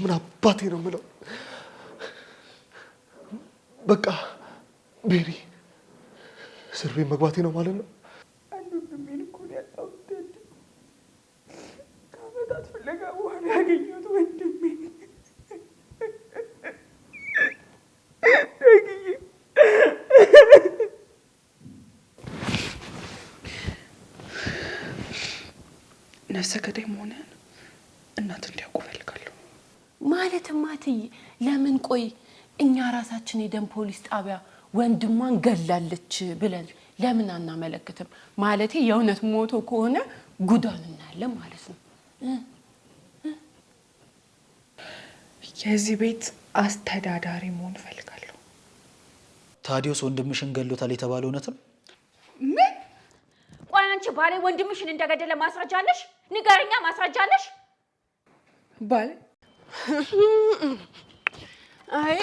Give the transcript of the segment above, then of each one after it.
ምን አባቴ ነው የምለው? በቃ ቤሪ እስር ቤት መግባቴ ነው ማለት ነው። ማለት ማትይ ለምን ቆይ እኛ ራሳችን የደም ፖሊስ ጣቢያ ወንድሟን ገላለች ብለን ለምን አናመለክትም? ማለት የእውነት ሞቶ ከሆነ ጉዳን እናያለን ማለት ነው። የዚህ ቤት አስተዳዳሪ መሆን እፈልጋለሁ። ታዲዮስ ወንድምሽን ገሎታል የተባለ እውነትም ምን? ቆይ አንቺ ባሌ ወንድምሽን እንደገደለ ማስረጃ አለሽ? ንገረኛ፣ ማስረጃ አለሽ? ባሌ አይ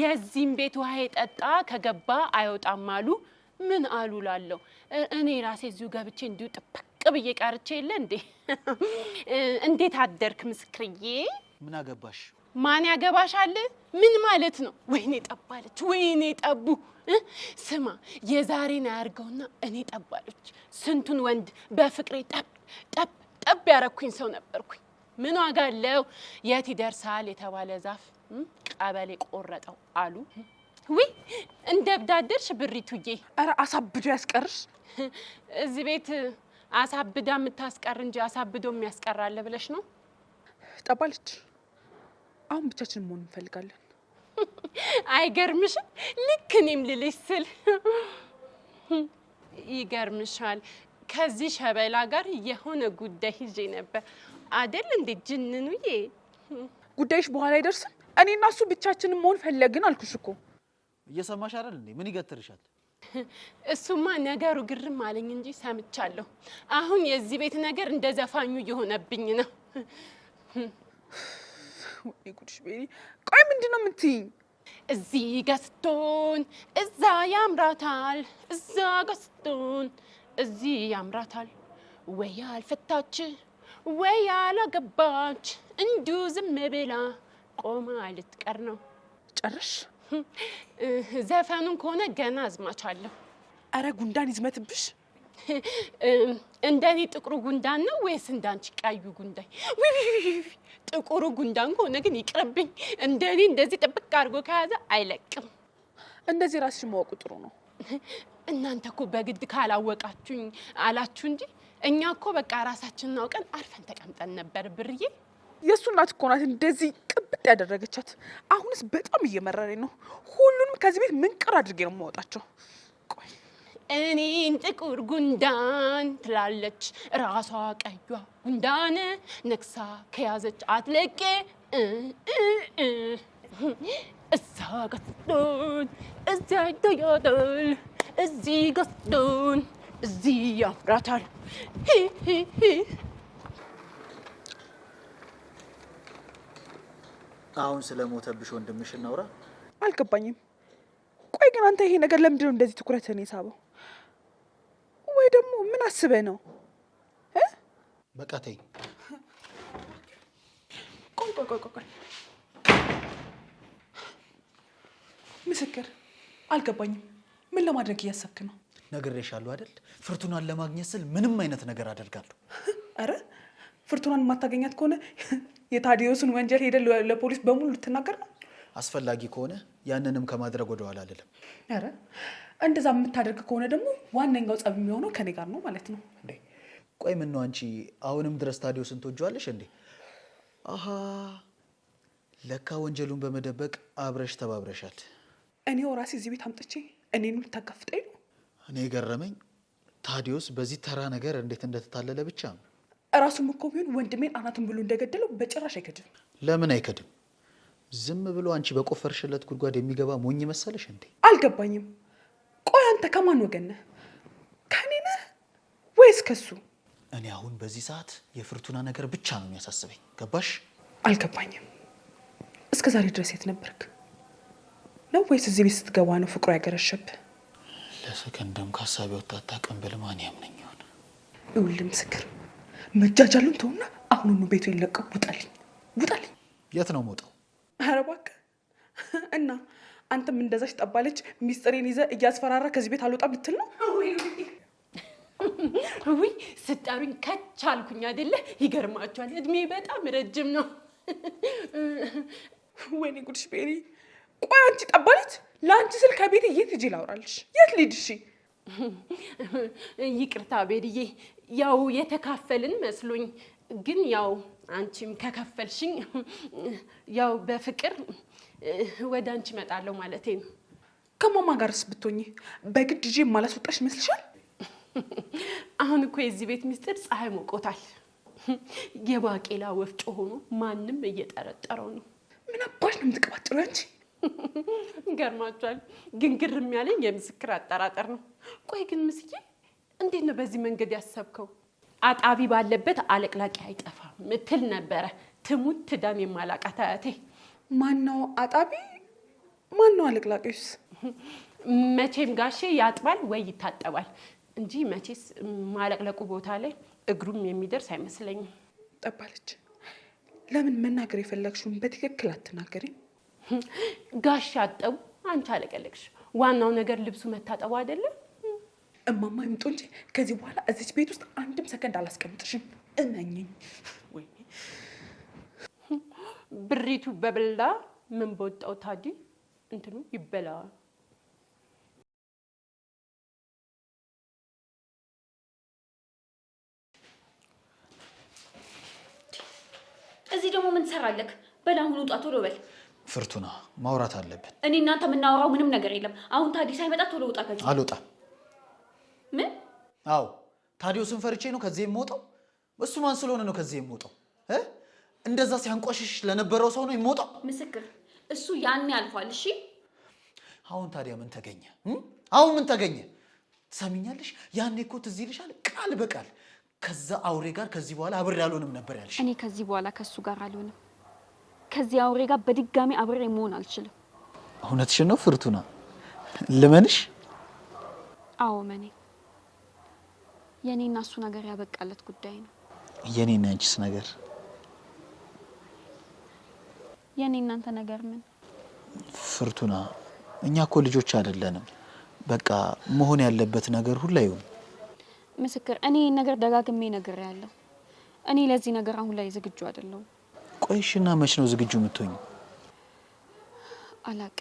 የዚህም ቤት ውሃ የጠጣ ከገባ አይወጣም አሉ። ምን አሉ ላለው እኔ ራሴ እዚሁ ገብቼ እንዲሁ ጥብቅ ብዬ ቀርቼ የለ እንዴ። እንዴት አደርክ ምስክርዬ? ምን አገባሽ? ማን ያገባሻል? ምን ማለት ነው? ወይኔ ጠባለች፣ ወይኔ ጠቡ። ስማ የዛሬን አያርገውና እኔ ጠባለች ስንቱን ወንድ በፍቅሬ ጠብ ጠብ ጠብ ያረኩኝ ሰው ነበርኩኝ። ምን ዋጋ አለው? የት ይደርሳል የተባለ ዛፍ ቀበሌ ቆረጠው አሉ። ውይ እንደ ብዳደርሽ ብሪቱዬ፣ ኧረ አሳብዶ ያስቀርሽ። እዚህ ቤት አሳብዳ የምታስቀር እንጂ አሳብዶ የሚያስቀራለ ብለሽ ነው? ጠባለች። አሁን ብቻችን መሆን እንፈልጋለን። አይገርምሽም? ልክ እኔም ልልሽ ስል ይገርምሻል ከዚህ ሸበላ ጋር የሆነ ጉዳይ ይዤ ነበር አደል እንዴ? ጅንኑዬ ጉዳይሽ በኋላ አይደርስም። እኔ እና እሱ ብቻችንን መሆን ፈለግን አልኩሽ እኮ እየሰማሽ አይደል እንዴ? ምን ይገትርሻል? እሱማ ነገሩ ግርም አለኝ እንጂ ሰምቻለሁ። አሁን የዚህ ቤት ነገር እንደ ዘፋኙ እየሆነብኝ ነው። ጉድሽ ቤሪ፣ ቆይ ምንድን ነው የምትይኝ? እዚህ ጋ እዛ ያምራታል፣ እዛ ገስቶን እዚህ ያምራታል ወይ አልፈታች ወይ አላገባች እንዱ ዝም ብላ ቆማ ልትቀር ነው። ጨርሽ ዘፈኑን ከሆነ ገና አዝማቻለሁ። አረ ጉንዳን ይዝመትብሽ። እንደኔ ጥቁሩ ጉንዳን ነው ወይስ እንዳንቺ ቀዩ ጉንዳይ? ጥቁሩ ጉንዳን ከሆነ ግን ይቅርብኝ። እንደኔ እንደዚህ ጥብቅ አድርጎ ከያዘ አይለቅም። እንደዚህ ራስሽ ማወቁ ጥሩ ነው። እናንተ እኮ በግድ ካላወቃችሁኝ አላችሁ እንጂ እኛ እኮ በቃ ራሳችን አውቀን አርፈን ተቀምጠን ነበር። ብርዬ የእሱ እናት እኮ ናት እንደዚህ ቅብጥ ያደረገቻት። አሁንስ በጣም እየመረረኝ ነው። ሁሉንም ከዚህ ቤት ምንቅር አድርጌ ነው የማወጣቸው። ቆይ እኔን ጥቁር ጉንዳን ትላለች ራሷ ቀዩ ጉንዳን ነክሳ ከያዘች አትለቄ እሳ ቀጥሎን እዚያ ይቶያጠል እዚህ ገስጡን እዚህ ያፍራታል። አሁን ስለ ሞተብሽ ወንድምሽ እናውራ። አልገባኝም። ቆይ ግን አንተ ይሄ ነገር ለምንድን እንደዚህ ትኩረትን የሳበው? ወይ ደግሞ ምን አስበህ ነው? በቃ ተይኝ። ቆይ ቆይ ቆይ ቆይ ምስክር አልገባኝም። ምን ለማድረግ እያሰብክ ነው? ነግሬሻለሁ አይደል? ፍርቱናን ለማግኘት ስል ምንም አይነት ነገር አደርጋለሁ። አረ ፍርቱናን የማታገኛት ከሆነ የታዲዮስን ወንጀል ሄደ ለፖሊስ በሙሉ ልትናገር ነው። አስፈላጊ ከሆነ ያንንም ከማድረግ ወደኋላ አልልም። አረ እንደዛ የምታደርግ ከሆነ ደግሞ ዋነኛው ጸብ የሚሆነው ከኔ ጋር ነው ማለት ነው። ቆይ ምን ነው አንቺ አሁንም ድረስ ታዲዮስን ትወጂዋለሽ እንዴ? አሀ ለካ ወንጀሉን በመደበቅ አብረሽ ተባብረሻል። እኔው ራሴ እዚህ ቤት አምጥቼ እኔን ልታጋፍጠኝ ነው? እኔ የገረመኝ ታዲዮስ በዚህ ተራ ነገር እንዴት እንደተታለለ ብቻ ነው። እራሱም እኮ ቢሆን ወንድሜን አናትን ብሎ እንደገደለው በጭራሽ አይከድም። ለምን አይከድም? ዝም ብሎ አንቺ በቆፈርሽለት ጉድጓድ የሚገባ ሞኝ መሰለሽ እንዴ? አልገባኝም። ቆይ አንተ ከማን ወገን ነህ? ከኔ ነህ ወይስ ከሱ? እኔ አሁን በዚህ ሰዓት የፍርቱና ነገር ብቻ ነው የሚያሳስበኝ። ገባሽ? አልገባኝም። እስከ ዛሬ ድረስ የት ነበርክ? ነው ወይስ እዚህ ቤት ስትገባ ነው ፍቅሩ ያገረሸብ? ለሰከንድም ከሀሳቢ ወጣ አታውቅም ብል ማን ያምነኝ ይሆን? ይኸውልህ ምስክር መጃጃሉን ተውና አሁኑኑ ቤቱ ይለቀው ውጣልኝ፣ ውጣልኝ። የት ነው የምወጣው? ኧረ እባክህ እና አንተም እንደዛች ጠባለች ሚስጥሬን ይዘ እያስፈራራ ከዚህ ቤት አልወጣ ብትል ነው ውይ ስጠሩኝ ከቻልኩኝ አይደለ? ይገርማቸዋል እድሜ በጣም ረጅም ነው። ወይኔ ጉድሽ ቤሪ ቆይ አንቺ ጠባለች፣ ለአንቺ ስል ከቤት የት ሂጂ ላውራልሽ? የት ልሂድ? እሺ ይቅርታ ቤድዬ፣ ያው የተካፈልን መስሎኝ፣ ግን ያው አንቺም ከከፈልሽኝ ያው በፍቅር ወደ አንቺ እመጣለሁ ማለቴ ነው። ከማማ ጋርስ ብትሆኚ በግድ ይዤ የማላስወጣሽ ይመስልሻል? አሁን እኮ የዚህ ቤት ምስጢር ፀሐይ ሞቆታል። የባቄላ ወፍጮ ሆኖ ማንም እየጠረጠረው ነው። ምን አባሽ ነው የምትቀባጥሩ አንቺ? ይገርማችኋል። ግን ግርም ያለኝ የምስክር አጠራጠር ነው። ቆይ ግን ምስዬ እንዴት ነው በዚህ መንገድ ያሰብከው? አጣቢ ባለበት አለቅላቂ አይጠፋም ምትል ነበረ። ትሙት ትዳም የማላቃት አያቴ። ማነው አጣቢ? ማነው አለቅላቂስ? መቼም ጋሼ ያጥባል ወይ ይታጠባል እንጂ መቼስ ማለቅለቁ ቦታ ላይ እግሩም የሚደርስ አይመስለኝም። ጠባለች፣ ለምን መናገር የፈለግሽውን በትክክል አትናገሪም? ጋሻ አጠቡ፣ አንቺ አለቀለቅሽ። ዋናው ነገር ልብሱ መታጠቡ አይደለም። እማማ ይምጡ እንጂ ከዚህ በኋላ እዚች ቤት ውስጥ አንድም ሰከንድ አላስቀምጥሽም። እመኝኝ። ብሪቱ በበላ ምን በወጣው ታዲ እንትኑ ይበላዋል። እዚህ ደግሞ ምን ትሰራለህ? በላሁን ውጣ፣ ቶሎ በል ፍርቱና ማውራት አለብን። እኔ እናንተ የምናወራው ምንም ነገር የለም። አሁን ታዲ ሳይመጣ ቶሎ ውጣ። ከዚህ አልወጣም። ምን? አዎ ታዲዮስን ፈርቼ ነው ከዚህ የምወጣው። እሱ ማን ስለሆነ ነው ከዚህ የምወጣው? እንደዛ ሲያንቆሽሽ ለነበረው ሰው ነው የምወጣው። ምስክር እሱ ያኔ አልፏል። እሺ አሁን ታዲያ ምን ተገኘ? አሁን ምን ተገኘ? ትሰሚኛለሽ? ያኔ እኮ ትዝ ይልሻል፣ ቃል በቃል ከዛ አውሬ ጋር ከዚህ በኋላ አብሬ አልሆንም ነበር ያልሽ። እኔ ከዚህ በኋላ ከእሱ ጋር አልሆንም ከዚህ አውሬ ጋር በድጋሚ አብሬ መሆን አልችልም። እውነትሽ ነው ፍርቱና፣ ልመንሽ? አዎ መኔ፣ የእኔና እሱ ነገር ያበቃለት ጉዳይ ነው። የእኔና ያንቺስ ነገር? የኔ እናንተ ነገር ምን? ፍርቱና፣ እኛ እኮ ልጆች አይደለንም። በቃ መሆን ያለበት ነገር ሁላ ይሁን። ምስክር፣ እኔ ይህን ነገር ደጋግሜ ነገር ያለው እኔ ለዚህ ነገር አሁን ላይ ዝግጁ አይደለሁም። ቆይሽና መች ነው ዝግጁ የምትሆኝ? አላቅ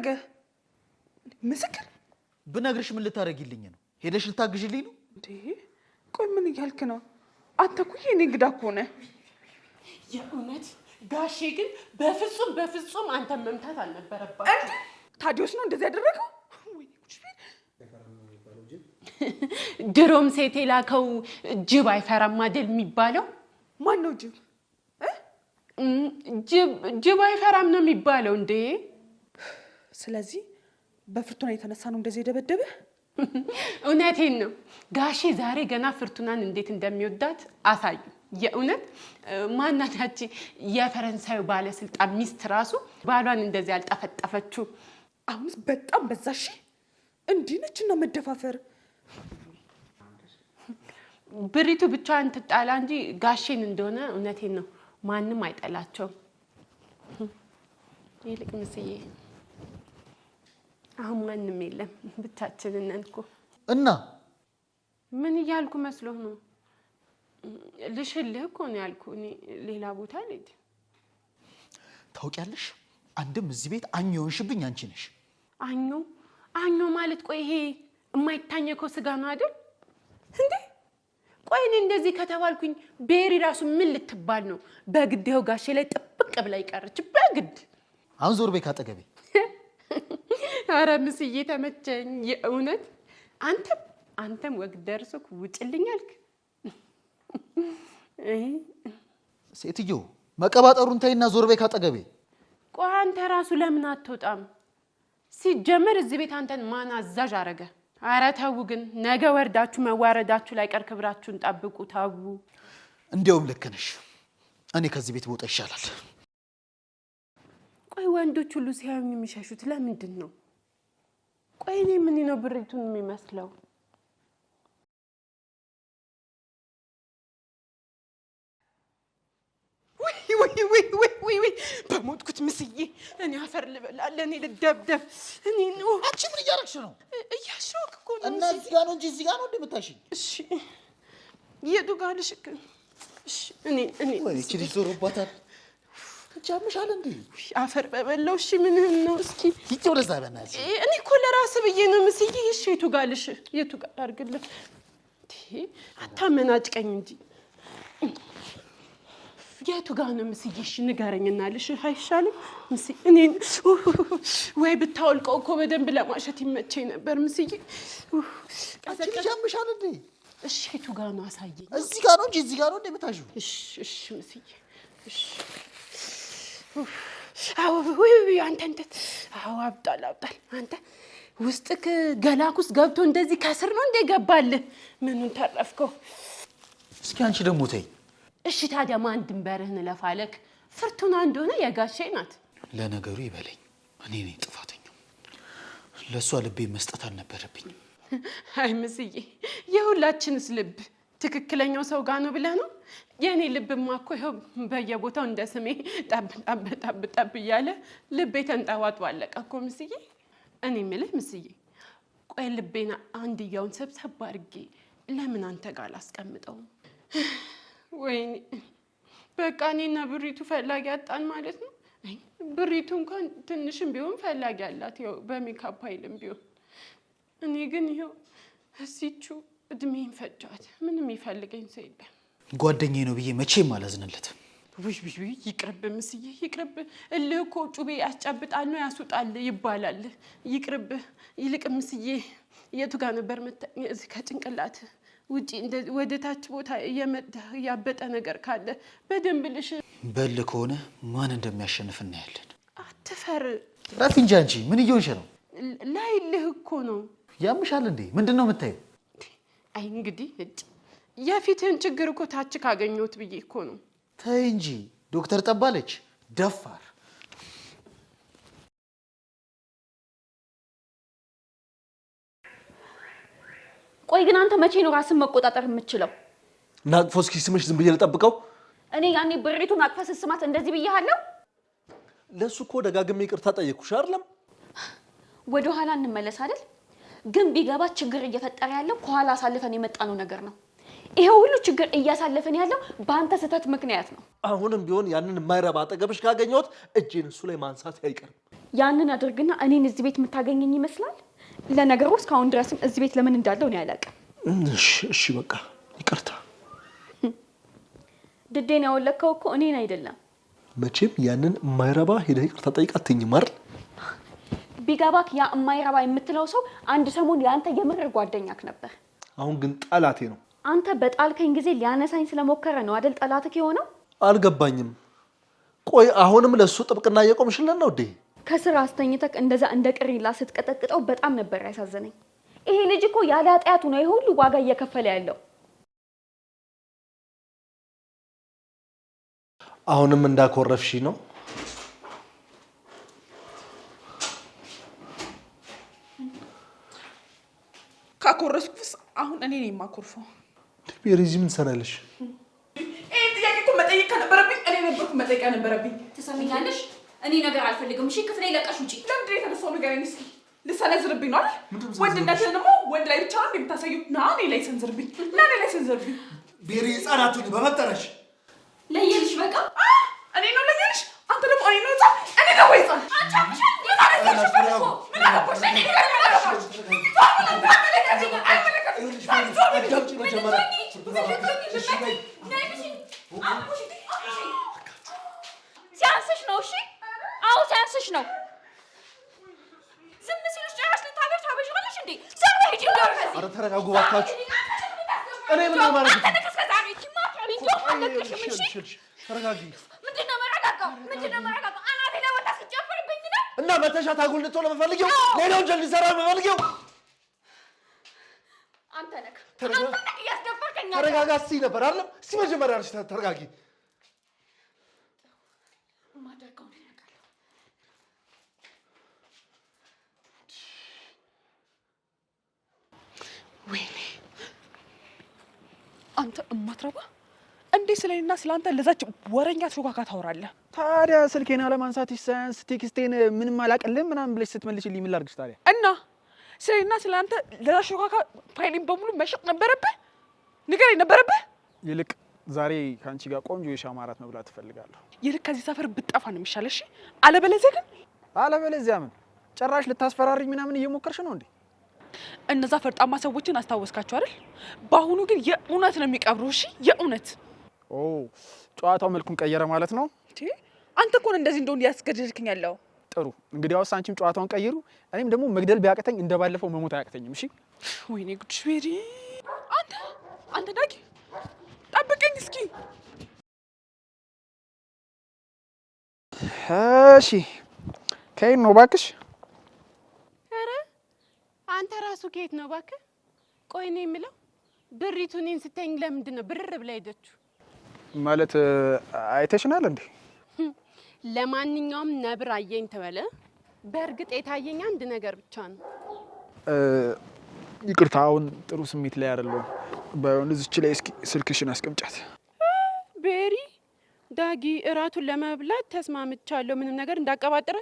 አደረገ? ምስክር ብነግርሽ ምን ልታደርጊልኝ ነው? ሄደሽ ልታግዥልኝ ነው እንዴ? ቆይ ምን እያልክ ነው? አንተ እኮ የእኔ እንግዳ እኮ ነህ። የእውነት ጋሼ ግን በፍጹም በፍጹም አንተ መምታት አልነበረባት። ታዲዮስ ነው እንደዚህ ያደረገው? ድሮም ሴት የላከው ጅብ አይፈራም አይደል የሚባለው? ማን ነው ጅብ? ጅብ አይፈራም ነው የሚባለው እንዴ? ስለዚህ በፍርቱና የተነሳ ነው እንደዚህ የደበደበ? እውነቴን ነው ጋሼ። ዛሬ ገና ፍርቱናን እንዴት እንደሚወዳት አሳዩ። የእውነት ማናት ያቺ የፈረንሳዩ ባለስልጣን ሚስት ራሱ ባሏን እንደዚህ ያልጠፈጠፈችው? አሁንስ በጣም በዛ። እሺ እንዲህ ነች እና መደፋፈር። ብሪቱ ብቻዋን ትጣላ እንጂ ጋሼን እንደሆነ እውነቴን ነው ማንም አይጠላቸውም። ይልቅ ምስዬ አሁን ማንም የለም ብቻችን ነን እኮ። እና ምን እያልኩ መስሎህ ነው? ልሽልህ እኮ ነው ያልኩ። እኔ ሌላ ቦታ ልሂድ። ታውቂያለሽ፣ አንድም እዚህ ቤት አኘውሽብኝ አንቺ ነሽ። አኞ አኘ ማለት ቆይ፣ ይሄ የማይታኘከው ስጋ ነው አይደል እንዴ? ቆይ እኔ እንደዚህ ከተባልኩኝ ቤሪ ራሱ ምን ልትባል ነው? በግድ ይኸው ጋሼ ላይ ጥብቅ ብላ ይቀረች በግድ። አሁን ዞር ካጠገቤ አረ ምስዬ ተመቸኝ። የእውነት አንተም አንተም ወግ ደርሶክ ውጭልኝ አልክ። ሴትዮ መቀባጠሩን ተይና ዞር በይ ካጠገቤ። ቆይ አንተ ራሱ ለምን አትወጣም? ሲጀመር እዚህ ቤት አንተን ማን አዛዥ አረገ? አረ ተው ግን ነገ ወርዳችሁ መዋረዳችሁ ላይ ቀር ክብራችሁን ጠብቁ። ታቡ እንዲያውም ልክ ነሽ። እኔ ከዚህ ቤት ብወጣ ይሻላል። ቆይ ወንዶች ሁሉ ሲያዩኝ የሚሸሹት ለምንድን ነው? ቆይ እኔ ምን ነው ብሪቱን የሚመስለው? በሞትኩት ምስዬ፣ እኔ አፈር ልበላ፣ ለእኔ ልደብደብ። እኔ ነው አንቺ ምን እያደረግሽ ነው? እያሸወክ እኮ ነው። እና እዚህ ጋር ነው እንጂ እዚህ ጋር ነው እንደምታሽኝ። እሺ፣ የቱ ጋር ልሽክ? እኔ እኔ ወይ ልጅ ዞሮባታል እጅ አምሻል እንዴ? አፈር በበለው። እሺ ምንህን ነው? እስኪ ይጭ ወደዛ በናት። እኔ እኮ ለራስህ ብዬ ነው ምስዬ። እሺ የቱ ጋር ልሽ የቱ ጋር አድርግልህ? አታመናጭቀኝ እንጂ የቱ ጋር ነው ምስዬ? እሺ ንገረኝና ልሽ አይሻልም? ምስ እኔን ወይ ብታወልቀው እኮ በደንብ ለማሸት ይመቸኝ ነበር ምስዬ። እጅ አምሻል እንዴ? እሺ የቱ ጋር ነው? አሳየኝ። እዚህ ጋር ነው እንጂ እዚህ ጋር ነው እንዴ እንደምታሹ። እሺ እሺ ምስዬ እሺ አንተ እንዴት አዎ፣ አብጧል አብጧል። አንተ ውስጥክ ገላክ ውስጥ ገብቶ እንደዚህ ከስር ነው እንዴ ገባልህ። ምኑን ተረፍከው? እስኪ አንቺ ደግሞ ተይ። እሺ ታዲያ ማን ድንበርህን እለፋለክ? ፍርቱና እንደሆነ የጋሼ ናት። ለነገሩ ይበለኝ፣ እኔ ነኝ ጥፋተኛው። ለእሷ ልቤ መስጠት አልነበረብኝም። አይ ምስዬ፣ የሁላችንስ ልብ ትክክለኛው ሰው ጋር ነው ብለህ ነው የእኔ ልብማ እኮ ይኸው በየቦታው እንደ ስሜ ጠብ ጠብ ጠብ ጠብ እያለ ልቤ ተንጠባጥቦ አለቀ እኮ ምስዬ። እኔ ምልህ ምስዬ፣ ቆይ ልቤን አንድያውን ሰብሰብ አድርጌ ለምን አንተ ጋር አላስቀምጠውም? ወይኔ በቃ እኔና ብሪቱ ፈላጊ አጣን ማለት ነው። ብሪቱ እንኳን ትንሽም ቢሆን ፈላጊ አላት፣ ያው በሜካፕ ኃይልም ቢሆን እኔ ግን ይኸው እሲቹ እድሜን ፈጇት። ምንም ይፈልገኝ ሰው የለም። ጓደኛዬ ነው ብዬ መቼም አላዝንለትም። ውይ ውይ ይቅርብ ምስዬ ይቅርብ። እልህ እኮ ጩቤ ያስጫብጣል ነው ያስወጣል ይባላል። ይቅርብ። ይልቅ ምስዬ የቱ ጋር ነበር ከጭንቅላት ውጪ ወደ ታች ቦታ እየመጣ ያበጠ ነገር ካለ በደንብ ልሽ በል ከሆነ ማን እንደሚያሸንፍ እናያለን። አትፈር። ረፊ እንጂ ምን እየሆንሽ ነው? ላይልህ እኮ ነው። ያምሻል እንዴ? ምንድን ነው የምታየው? አይ እንግዲህ የፊትህን ችግር እኮ ታች ካገኘሁት ብዬ እኮ ነው። ተይ እንጂ ዶክተር ጠባለች ደፋር ቆይ ግን አንተ መቼ ነው ራስን መቆጣጠር የምችለው? ናቅፎ እስኪ ስምሽ ዝም ብዬ ልጠብቀው? እኔ ያኔ ብሬቱ ናቅፋ ስትስማት እንደዚህ ብያለሁ። ለእሱ እኮ ደጋግሜ ይቅርታ ጠየቅኩሽ አይደለም? ወደ ኋላ እንመለስ አይደል? ግን ቢገባ ችግር እየፈጠረ ያለው ከኋላ አሳልፈን የመጣ ነው ነገር ነው። ይሄ ሁሉ ችግር እያሳለፈን ያለው በአንተ ስህተት ምክንያት ነው። አሁንም ቢሆን ያንን የማይረባ አጠገብሽ ካገኘሁት እጄን እሱ ላይ ማንሳት አይቀርም። ያንን አድርግና እኔን እዚህ ቤት የምታገኘኝ ይመስላል። ለነገሩ እስካሁን ድረስም እዚህ ቤት ለምን እንዳለው እኔ አላውቅም። እሺ በቃ ይቅርታ። ድዴን ያወለከው እኮ እኔን አይደለም። መቼም ያንን የማይረባ ሄደህ ይቅርታ ጠይቃ አትይኝም አይደል? ቢገባክ ያ የማይረባ የምትለው ሰው አንድ ሰሞን የአንተ የምር ጓደኛክ ነበር። አሁን ግን ጠላቴ ነው። አንተ በጣልከኝ ጊዜ ሊያነሳኝ ስለሞከረ ነው አደል ጠላትክ የሆነው? አልገባኝም። ቆይ አሁንም ለሱ ጥብቅና እየቆምሽልን ነው እንዴ? ከስራ አስተኝተክ እንደዛ እንደ ቅሪላ ስትቀጠቅጠው በጣም ነበር ያሳዘነኝ። ይሄ ልጅ እኮ ያለ አጥያቱ ነው ይሄ ሁሉ ዋጋ እየከፈለ ያለው። አሁንም እንዳኮረፍሽ ነው። ካኮረፍኩስ አሁን እኔ ነው የማኮርፈው። የዚህ ምን ትሰራለሽ? ይህን ጥያቄ እኮ መጠየቅ ከነበረብኝ እኔ ነበርኩ መጠየቅ ነበረብኝ። ትሰሚኛለሽ? እኔ ነገር አልፈልግም። እሺ ክፍሌ ለቀሽ ውጪ። ለምንድን የተነሳው? ነገር እስኪ። ልሰነዝርብኝ ነው ወንድነትህ ደግሞ ወንድ ላይ ብቻ የምታሳዩ ና እኔ ላይ ሰንዝርብኝ፣ ና እኔ ላይ ሰንዝርብኝ። ቤሪ ህጻናቱን በመጠረሽ ለየልሽ። በቃ እኔ ነው ለየልሽ። አንተ ደግሞ እኔ ነው ህጻን እኔ ደግሞ ህጻን ምን አገባሽ? ሲያንስሽ ነው። እሺ፣ አዎ ሲያንስሽ ነው። ዝም ሲልሽ ጭራሽ ልታበሽ ታበሽለሽ እንዴ? ሂጂ። ኧረ ተረጋጉ እባካችሁ። እኔ ምን ማለት ነው እና መተሻት አጉል ልትሆን ለመፈልጊው ሌላ ወንጀል ሊሰራ መፈልጊው አንተ ነህ እያስደፈርከኝ። ተረጋጋ ስትይ ነበር አይደለም? እስኪ መጀመሪያ አንቺ ተረጋጊ። የማደርገውን ወይኔ አንተ እማትረባ እንዴ ስለኔና ስለአንተ ለዛች ወረኛ ሾካካ ታወራለህ? ታዲያ ስልኬን አለማንሳትሽ ሳያንስ ቴክስቴን ምንም አላቅልም ምናምን ብለሽ ስትመልሽልኝ ምን ላድርግሽ ታዲያ እና ስለና ስለአንተ ለተሽኳካ ፋይሌን በሙሉ መሸጥ ነበረብህ፣ ንገር ነበረብህ። ይልቅ ዛሬ ከአንቺ ጋር ቆንጆ የሻማ እራት መብላት እፈልጋለሁ። ይልቅ ከዚህ ሰፈር ብጠፋ ነው የሚሻለሽ። አለበለዚያ ግን አለበለዚያ ምን ጭራሽ ልታስፈራሪኝ ምናምን እየሞከርሽ ነው እንዴ? እነዛ ፈርጣማ ሰዎችን አስታወስካቸው አይደል? በአሁኑ ግን የእውነት ነው የሚቀብሩ። እሺ የእውነት ጨዋታው መልኩን ቀየረ ማለት ነው። አንተ እኮ ነው እንደዚህ እንደሆን ያስገድድክኝ ያለው ጥሩ እንግዲያውስ አንቺም ጨዋታውን ቀይሩ። እኔም ደግሞ መግደል ቢያቅተኝ እንደ ባለፈው መሞት አያቅተኝም። እሺ። ወይኔ ቤሪ! አንተ አንተ ዳጊ ጠብቀኝ እስኪ። እሺ፣ ከየት ነው እባክሽ? ኧረ አንተ ራሱ ከየት ነው እባክህ? ቆይ ነው የምለው እኔን ስታይኝ ለምንድን ነው ብርር ብላ ሄደችው? ማለት አይተሽናል እንዴ? ለማንኛውም ነብር አየኝ ተበለ። በእርግጥ የታየኝ አንድ ነገር ብቻ ነው። ይቅርታ፣ አሁን ጥሩ ስሜት ላይ አይደለሁም። ባይሆን እዚች ላይ እስኪ ስልክሽን አስቀምጫት። ቤሪ ዳጊ፣ እራቱን ለመብላት ተስማምቻለሁ። ምንም ነገር እንዳቀባጥረ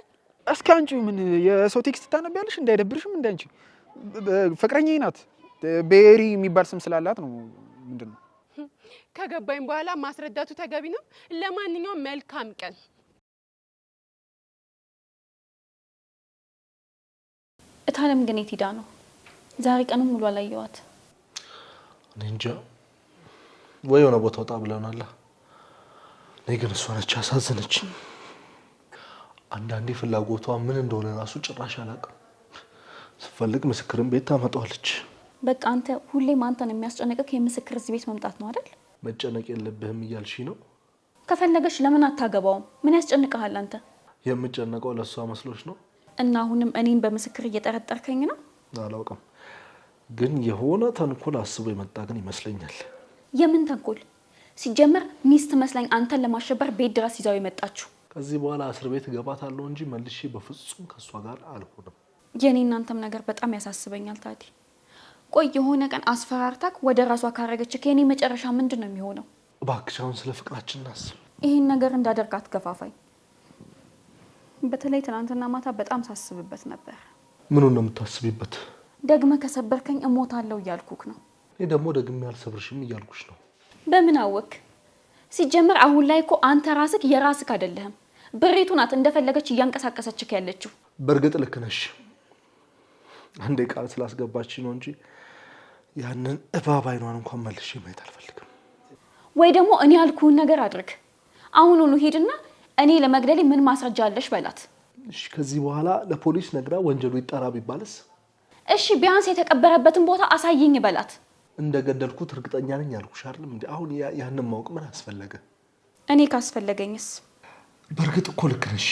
እስኪ አንቺ ምን የሰው ቴክስት ታነቢያለሽ? እንዳይደብርሽም እንዳንቺ ፍቅረኛ ናት ቤሪ የሚባል ስም ስላላት ነው። ምንድን ነው ከገባኝ በኋላ ማስረዳቱ ተገቢ ነው። ለማንኛውም መልካም ቀን እታለም ግን የት ሄዳ ነው? ዛሬ ቀንም ሙሉ አላየዋት። እኔ እንጃ፣ ወይ የሆነ ቦታ ወጣ ብለናላ። እኔ ግን እሷ ነች አሳዘነች። አንዳንዴ ፍላጎቷ ምን እንደሆነ ራሱ ጭራሽ አላውቅም። ስፈልግ ምስክርን ቤት ታመጣዋለች። በቃ አንተ ሁሌም አንተን የሚያስጨንቅህ የምስክር እዚህ ቤት መምጣት ነው አይደል? መጨነቅ የለብህም እያልሽ ነው? ከፈለገች ለምን አታገባውም? ምን ያስጨንቀሃል? አንተ? የምጨነቀው ለእሷ መስሎች ነው እና አሁንም እኔን በምስክር እየጠረጠርከኝ ነው። አላውቅም፣ ግን የሆነ ተንኮል አስቦ የመጣ ግን ይመስለኛል። የምን ተንኮል? ሲጀመር ሚስት መስላኝ አንተን ለማሸበር ቤት ድረስ ይዛው የመጣችሁ። ከዚህ በኋላ እስር ቤት እገባታለሁ እንጂ መልሼ በፍጹም ከእሷ ጋር አልሆንም። የእኔ እናንተም ነገር በጣም ያሳስበኛል። ታዲ፣ ቆይ የሆነ ቀን አስፈራርታክ ወደ ራሷ ካረገች የእኔ መጨረሻ ምንድን ነው የሚሆነው? እባክሽ አሁን ስለ ፍቅራችን እናስብ። ይህን ነገር እንዳደርግ አትገፋፋኝ። በተለይ ትናንትና ማታ በጣም ሳስብበት ነበር። ምኑን ነው የምታስቢበት? ደግመ ከሰበርከኝ እሞታለሁ እያልኩክ ነው። እኔ ደግሞ ደግሜ አልሰብርሽም እያልኩሽ ነው። በምን አወክ? ሲጀመር አሁን ላይ እኮ አንተ ራስክ የራስክ አይደለህም። ብሬቱናት ናት እንደፈለገች እያንቀሳቀሰችክ ያለችው። በእርግጥ ልክ ነሽ። አንዴ ቃል ስላስገባች ነው እንጂ ያንን እባብ አይኗን እንኳን መልሼ ማየት አልፈልግም። ወይ ደግሞ እኔ ያልኩህን ነገር አድርግ። አሁኑኑ ሂድና እኔ ለመግደሌ ምን ማስረጃ አለሽ በላት። እሺ ከዚህ በኋላ ለፖሊስ ነግራ ወንጀሉ ይጣራ ቢባልስ? እሺ ቢያንስ የተቀበረበትን ቦታ አሳይኝ በላት። እንደገደልኩት እርግጠኛ ነኝ አልኩሽ አይደለም እንዴ? አሁን ያንን ማወቅ ምን አስፈለገ? እኔ ካስፈለገኝስ? በእርግጥ እኮ ልክ ነሽ።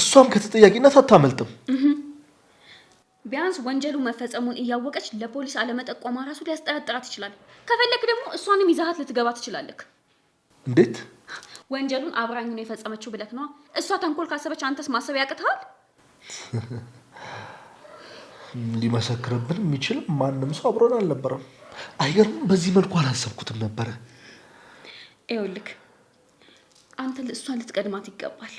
እሷም ከተጠያቂነት አታመልጥም። ቢያንስ ወንጀሉ መፈጸሙን እያወቀች ለፖሊስ አለመጠቋማ ራሱ ሊያስጠረጥራት ይችላል። ከፈለክ ደግሞ እሷንም ይዛሃት ልትገባ ትችላለክ። እንዴት? ወንጀሉን አብራኝ ነው የፈጸመችው ብለክ ነዋ። እሷ ተንኮል ካሰበች አንተስ ማሰብ ያቅትሃል? ሊመሰክርብን የሚችል ማንም ሰው አብሮን አልነበረም። አይገርምም? በዚህ መልኩ አላሰብኩትም ነበረ። ይኸውልህ አንተ እሷን ልትቀድማት ይገባል።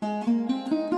Thank you.